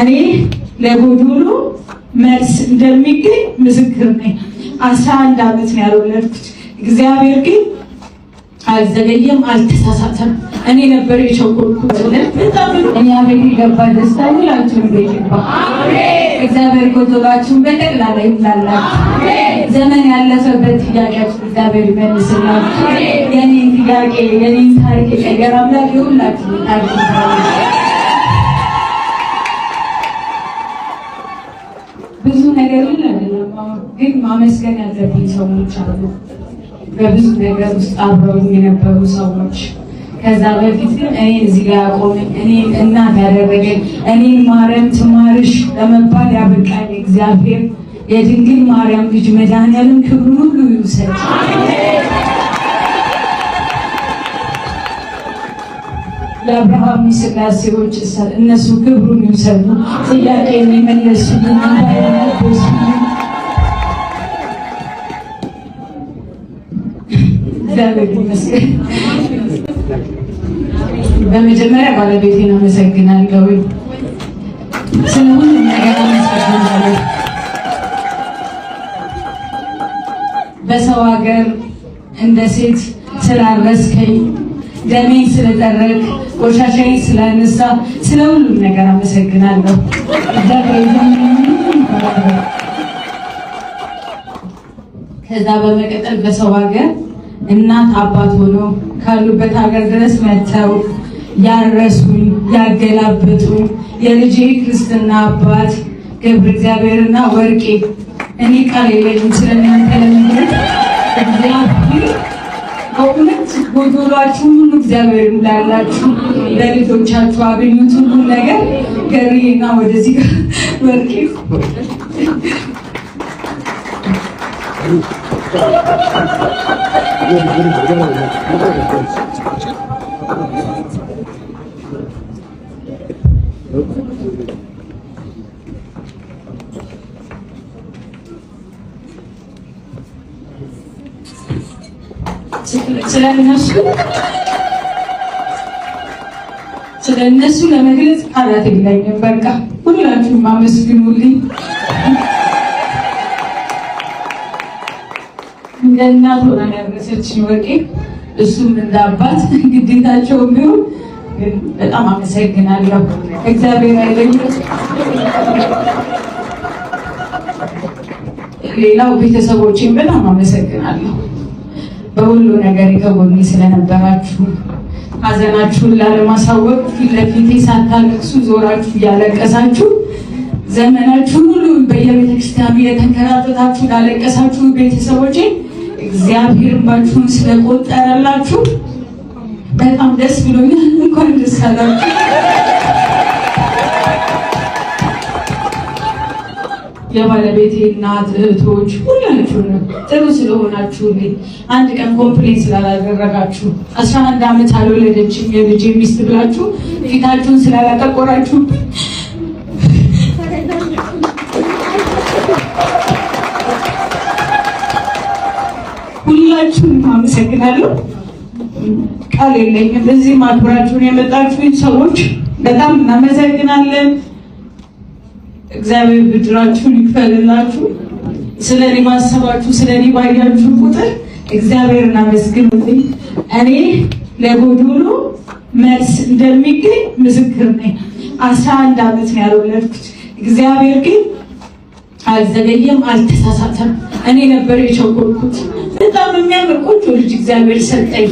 እኔ ለጉድ ሁሉ መልስ እንደሚገኝ ምስክር ነኝ። አስራ አንድ ዓመት ነው ያልወለድኩት። እግዚአብሔር ግን አልዘገየም፣ አልተሳሳተም። እኔ ነበር የቸኮልኩት። በጣም እኛ ቤት የገባ ደስታ ሁላችሁም ቤት ይግባ። እግዚአብሔር ጎቶላችሁን በጠቅላላ ይምላላችሁ። ዘመን ያለፈበት ጥያቄያችሁ እግዚአብሔር ይመልስላችሁ። የኔን ጥያቄ የኔን ታሪክ የቀየረ አምላክ የሁላችሁ ጣ ብዙ ነገር ግን ማመስገን ያለብኝ ሰዎች አሉ። በብዙ ነገር ውስጥ አብረውኝ የነበሩ ሰዎች ከዛ በፊት ግን እኔን እዚህ ጋር ያቆመኝ እኔን እናት ያደረገኝ እኔን ማርያም ትማርሽ ለመባል ያበቃል እግዚአብሔር የድንግል ማርያም ልጅ መድኃኒዓለም ክብሩን ሁሉ ይውሰድ። ለአብርሃም ስላሴዎች እነሱ ክብሩን ይውሰዱ። ጥያቄ የሚመለሱ እንዳይመለሱ እግዚአብሔር ይመስገን። በመጀመሪያ ባለቤቴን አመሰግናለሁ። ስለ ነገር አመሰግናለሁ። በሰው ሀገር እንደ ሴት ስላረስከኝ ደሜን ስለጠረግ፣ ቆሻሻዬ ስላነሳ፣ ስለ ሁሉም ነገር አመሰግናለሁ። ከዛ በመቀጠል በሰው ሀገር እናት አባት ሆኖ ካሉበት ሀገር ድረስ መጥተው ያረሱኝ ያገላበጡ የልጄ ክርስትና አባት ገብረ እግዚአብሔርና ወርቄ እኔ ቃል የለኝም ስለእናንተ ለመግለጽ ጎዶሏችሁ ሁሉ እግዚአብሔር እንዳላችሁ ለልጆቻችሁ አገኙት ሁሉ ነገር ገሪና ወደዚህ ጋር ስለነሱ ስለ ለመግለጽ ቃላት የለኝም። በቃ ሁላችሁም አመስግኑልኝ። እንደ እናት ሆና ያደረሰችኝ ወርቄ፣ እሱም እንደ አባት ግዴታቸው ቢሆን በጣም አመሰግናለሁ። እግዚአብሔር አይለኝ። ሌላው ቤተሰቦቼን በጣም አመሰግናለሁ። በሁሉ ነገር የተጎኒ ስለነበራችሁ ሀዘናችሁን ላለማሳወቅ ፊት ለፊቴ ሳታለቅሱ ዞራችሁ እያለቀሳችሁ ዘመናችሁን ሁሉ በየቤተክርስቲያኑ የተንከራተታችሁ ላለቀሳችሁ ቤተሰቦቼ እግዚአብሔር ባችሁን ስለቆጠረላችሁ በጣም ደስ ብሎኛል። እንኳን ደስ አላችሁ። የባለቤቴ እናት እህቶች ሁላችሁንም ጥሩ ስለሆናችሁልኝ አንድ ቀን ኮምፕሌን ስላላደረጋችሁ አስራ አንድ ዓመት አልወለደችም የልጄ ሚስት ብላችሁ ፊታችሁን ስላላጠቆራችሁ ሁላችሁንም አመሰግናለሁ። ቃል የለኝም። እዚህ ማክብራችሁን የመጣችሁኝ ሰዎች በጣም እናመሰግናለን። እግዚአብሔር ብድራችሁን ይክፈልላችሁ። ስለ እኔ ማሰባችሁ፣ ስለ እኔ ባያችሁ ቁጥር እግዚአብሔር እናመስግኑልኝ። እኔ ለጎዶሎ መልስ እንደሚገኝ ምስክር ነኝ። አስራ አንድ ዓመት ነው ያልወለድኩት። እግዚአብሔር ግን አልዘገየም፣ አልተሳሳተም። እኔ ነበር የቸኮልኩት። በጣም የሚያምር ቆንጆ ልጅ እግዚአብሔር ሰጠኝ።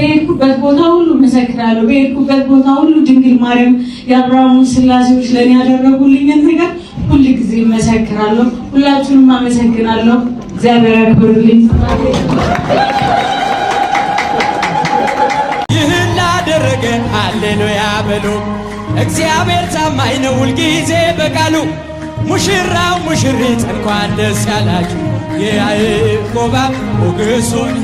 በሄድኩበት ቦታ ሁሉ መሰክራለሁ። በሄድኩበት ቦታ ሁሉ ድንግል ማርያም የአብርሃሙ ስላሴዎች ለእኔ ያደረጉልኝን ነገር ሁል ጊዜ መሰክራለሁ። ሁላችሁንም አመሰግናለሁ። እግዚአብሔር ያክብርልኝ። ይህን ላደረገ ሃሌሉያ በሉ። እግዚአብሔር ታማኝ ነው ሁልጊዜ በቃሉ ሙሽራው ሙሽሪት እንኳን ደስ ያላችሁ የያዕቆብ ሞገሱን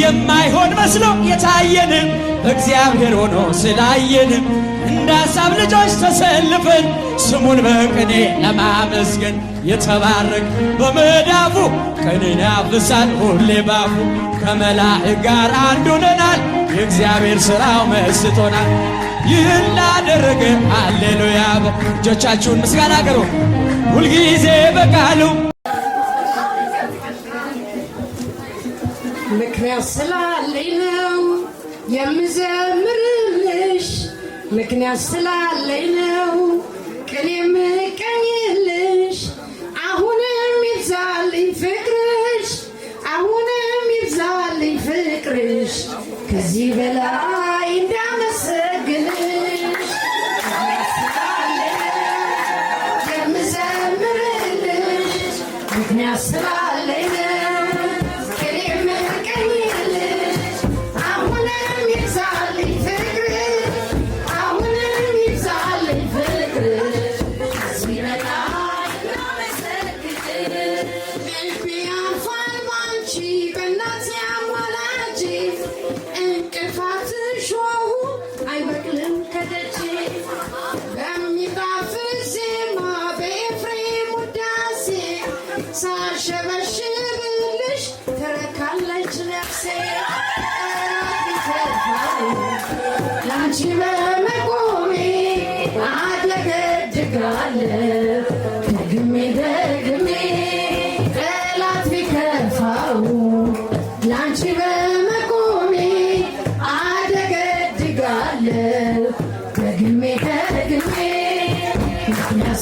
የማይሆን መስሎ የታየንም እግዚአብሔር ሆኖ ስላየንም እንደ ሐሳብ ልጆች ተሰልፈን ስሙን በቅኔ ለማመስገን የተባረክ በመዳፉ ቅኔን ያብሳል ሁሌ ባፉ ከመላእክ ጋር አንዱነናል የእግዚአብሔር ሥራው መስቶናል ይህን ላደረገ አሌሉያ በእጆቻችሁን ምስጋና አቅርቡ ሁልጊዜ በቃሉ ምክንያት ስላለኝ ነው የምዘምርልሽ ምክንያት ስላለኝ ነው ቅኔ የምቀኝልሽ አሁንም ይብዛልኝ ፍቅርሽ አሁንም ይብዛልኝ ፍቅርሽ ከዚህ በላይ እንዳመሰግንሽ ምክንያት ስላለኝ የምዘምርልሽ ምክንያት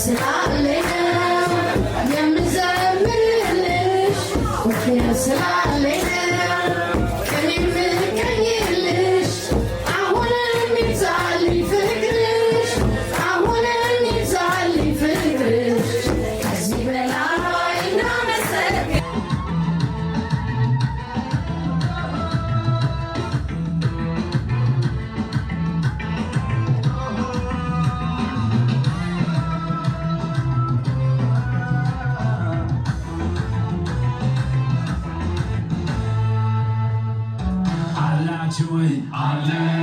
ስላለኝ ነው የምዘምርልሽ ስላለኝ joy. Amen.